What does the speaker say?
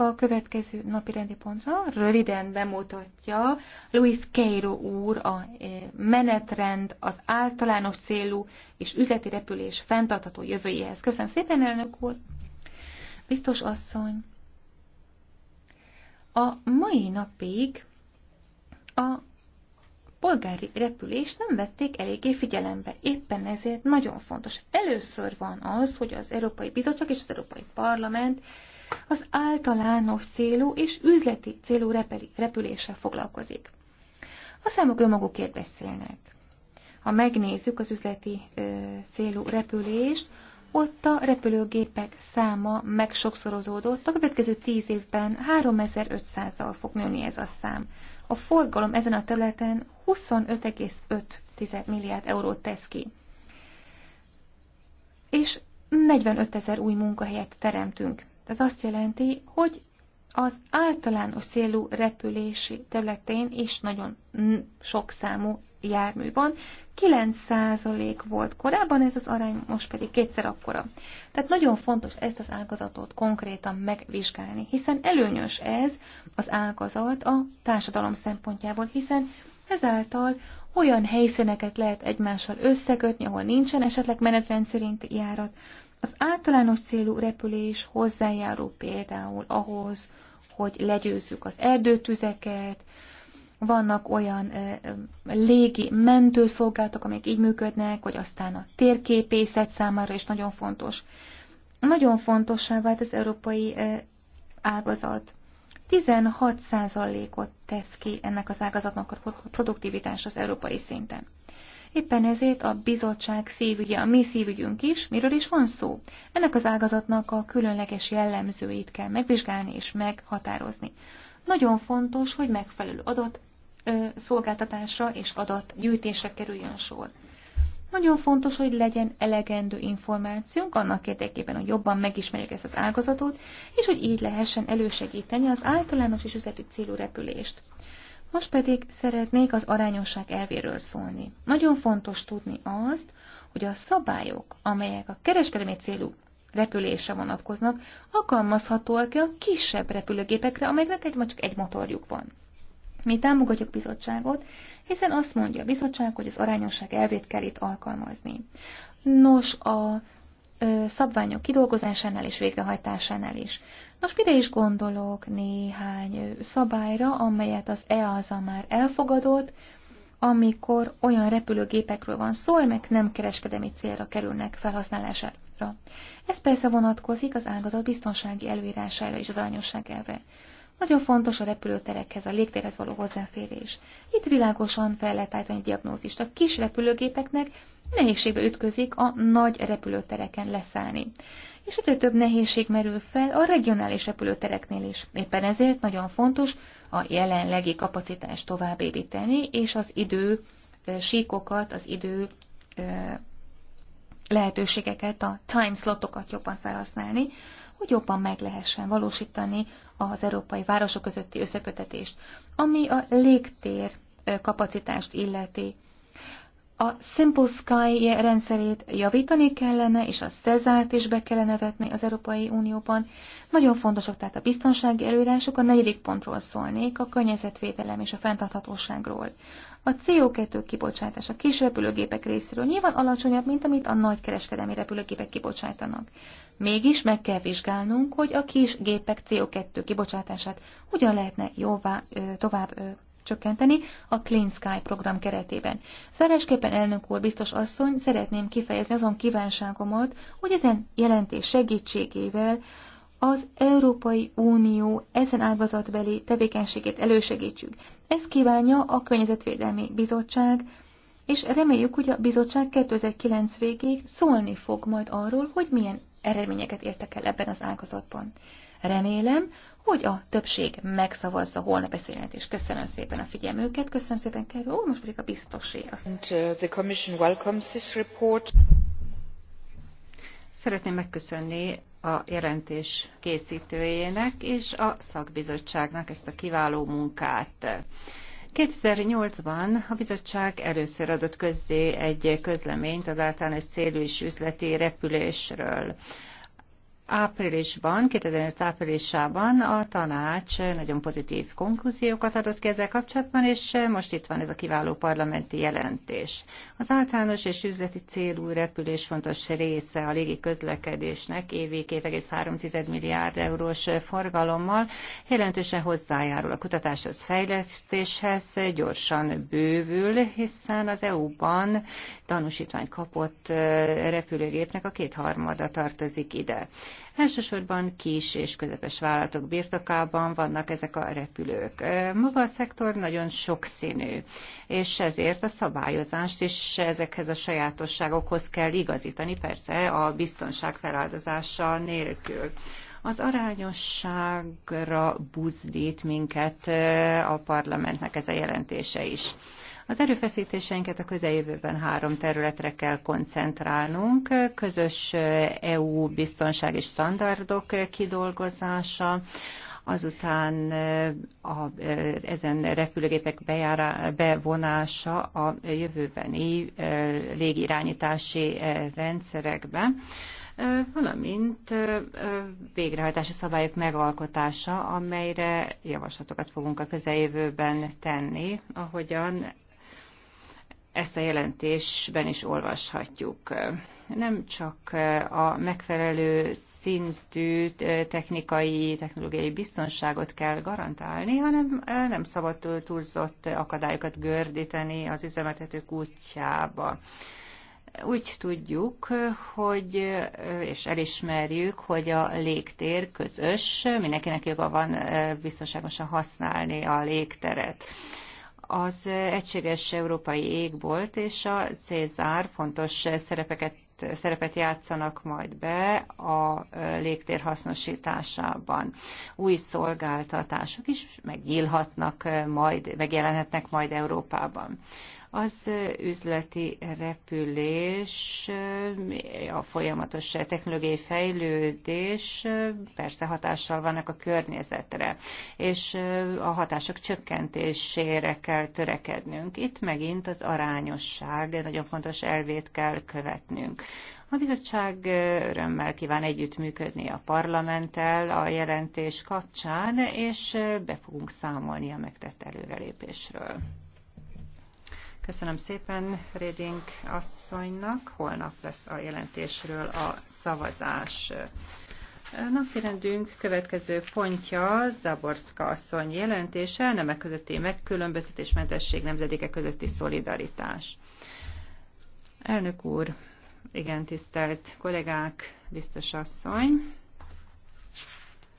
a következő napi rendi pontra röviden bemutatja Luis Queiro úr a eh, menetrend az általános célú és üzleti repülés fenntartható jövőjéhez. Köszönöm szépen, elnök úr! Biztos asszony! A mai napig a polgári repülést nem vették eléggé figyelembe. Éppen ezért nagyon fontos. Először van az, hogy az Európai Bizottság és az Európai Parlament az általános célú és üzleti célú repüléssel foglalkozik. A számok önmagukért beszélnek. Ha megnézzük az üzleti ö, célú repülést, ott a repülőgépek száma megsokszorozódott, a következő tíz évben 3500-al fog nőni ez a szám. A forgalom ezen a területen 25,5 milliárd eurót tesz ki. És 45 ezer új munkahelyet teremtünk. Ez azt jelenti, hogy az általános célú repülési területén is nagyon sok számú jármű van. 9% volt korábban, ez az arány most pedig kétszer akkora. Tehát nagyon fontos ezt az ágazatot konkrétan megvizsgálni, hiszen előnyös ez az ágazat a társadalom szempontjából, hiszen ezáltal olyan helyszíneket lehet egymással összekötni, ahol nincsen esetleg menetrend szerinti járat, az általános célú repülés hozzájárul például ahhoz, hogy legyőzzük az erdőtüzeket, vannak olyan ö, légi mentőszolgáltak, amik így működnek, hogy aztán a térképészet számára is nagyon fontos. Nagyon fontossá vált az európai ö, ágazat. 16%-ot tesz ki ennek az ágazatnak a produktivitás az európai szinten. Éppen ezért a bizottság szívügye, a mi szívügyünk is, miről is van szó. Ennek az ágazatnak a különleges jellemzőit kell megvizsgálni és meghatározni. Nagyon fontos, hogy megfelelő adat ö, szolgáltatásra és gyűjtésre kerüljön sor. Nagyon fontos, hogy legyen elegendő információnk annak érdekében, hogy jobban megismerjük ezt az ágazatot, és hogy így lehessen elősegíteni az általános és üzleti célú repülést. Most pedig szeretnék az arányosság elvéről szólni. Nagyon fontos tudni azt, hogy a szabályok, amelyek a kereskedelmi célú repülésre vonatkoznak, alkalmazhatóak-e a kisebb repülőgépekre, amelyeknek egy, csak egy motorjuk van. Mi támogatjuk bizottságot, hiszen azt mondja a bizottság, hogy az arányosság elvét kell itt alkalmazni. Nos, a szabványok kidolgozásánál és végrehajtásánál is. Most ide is gondolok néhány szabályra, amelyet az EASA már elfogadott, amikor olyan repülőgépekről van szó, amelyek nem kereskedemi célra kerülnek felhasználására. Ez persze vonatkozik az ágazat biztonsági előírására és az aranyosság elve. Nagyon fontos a repülőterekhez, a légtérhez való hozzáférés. Itt világosan fel lehet állítani a diagnózist. A kis repülőgépeknek nehézségbe ütközik a nagy repülőtereken leszállni. És egyre több nehézség merül fel a regionális repülőtereknél is. Éppen ezért nagyon fontos a jelenlegi kapacitást továbbépíteni, és az idő síkokat, az idő lehetőségeket, a time slotokat jobban felhasználni, hogy jobban meg lehessen valósítani az európai városok közötti összekötetést, ami a légtér kapacitást illeti. A Simple Sky rendszerét javítani kellene, és a Cezárt is be kellene vetni az Európai Unióban. Nagyon fontosak tehát a biztonsági előírások, a negyedik pontról szólnék, a környezetvédelem és a fenntarthatóságról. A CO2 kibocsátás a kis repülőgépek részéről nyilván alacsonyabb, mint amit a nagy kereskedelmi repülőgépek kibocsátanak. Mégis meg kell vizsgálnunk, hogy a kis gépek CO2 kibocsátását hogyan lehetne jóvá, tovább csökkenteni a Clean Sky program keretében. Szeresképpen elnök úr, biztos asszony, szeretném kifejezni azon kívánságomat, hogy ezen jelentés segítségével az Európai Unió ezen ágazatbeli tevékenységét elősegítsük. Ezt kívánja a Környezetvédelmi Bizottság, és reméljük, hogy a bizottság 2009 végéig szólni fog majd arról, hogy milyen eredményeket értek el ebben az ágazatban. Remélem, hogy a többség megszavazza holnap ezt a jelentést. Köszönöm szépen a figyelmüket, köszönöm szépen, kerül, most pedig a biztosé. Uh, Szeretném megköszönni a jelentés készítőjének és a szakbizottságnak ezt a kiváló munkát. 2008-ban a bizottság először adott közzé egy közleményt az általános célú és üzleti repülésről áprilisban, 2005 áprilisában a tanács nagyon pozitív konklúziókat adott ki ezzel kapcsolatban, és most itt van ez a kiváló parlamenti jelentés. Az általános és üzleti célú repülés fontos része a légi közlekedésnek évi 2,3 milliárd eurós forgalommal jelentősen hozzájárul a kutatáshoz, fejlesztéshez, gyorsan bővül, hiszen az EU-ban tanúsítványt kapott eh, repülőgépnek a kétharmada tartozik ide. Elsősorban kis és közepes vállalatok birtokában vannak ezek a repülők. Maga a szektor nagyon sokszínű, és ezért a szabályozást is ezekhez a sajátosságokhoz kell igazítani, persze a biztonság feláldozása nélkül az arányosságra buzdít minket a parlamentnek ez a jelentése is. Az erőfeszítéseinket a közeljövőben három területre kell koncentrálnunk. Közös EU biztonsági standardok kidolgozása, azután eh, a, eh, ezen repülőgépek bejára, bevonása a jövőbeni eh, légirányítási rendszerekbe, valamint végrehajtási szabályok megalkotása, amelyre javaslatokat fogunk a közeljövőben tenni, ahogyan ezt a jelentésben is olvashatjuk. Nem csak a megfelelő szintű eh, technikai, technológiai biztonságot kell garantálni, hanem eh, nem szabad túlzott akadályokat gördíteni az üzemeltetők útjába úgy tudjuk, hogy, eh, és elismerjük, hogy a légtér közös, mindenkinek joga van biztonságosan használni a légteret az egységes európai égbolt és a Cézár fontos szerepeket szerepet játszanak majd be a légtér hasznosításában. Új szolgáltatások is megnyílhatnak majd, megjelenhetnek majd Európában. Az üzleti repülés, a folyamatos technológiai fejlődés persze hatással vannak a környezetre, és a hatások csökkentésére kell törekednünk. Itt megint az arányosság nagyon fontos elvét kell követnünk. A bizottság örömmel kíván együttműködni a parlamenttel a jelentés kapcsán, és be fogunk számolni a megtett előrelépésről. Köszönöm szépen Reding asszonynak. Holnap lesz a jelentésről a szavazás. Napirendünk következő pontja Zaborska asszony jelentése, nemek közötti mentesség, nemzedéke közötti szolidaritás. Elnök úr, igen, tisztelt kollégák, biztos asszony.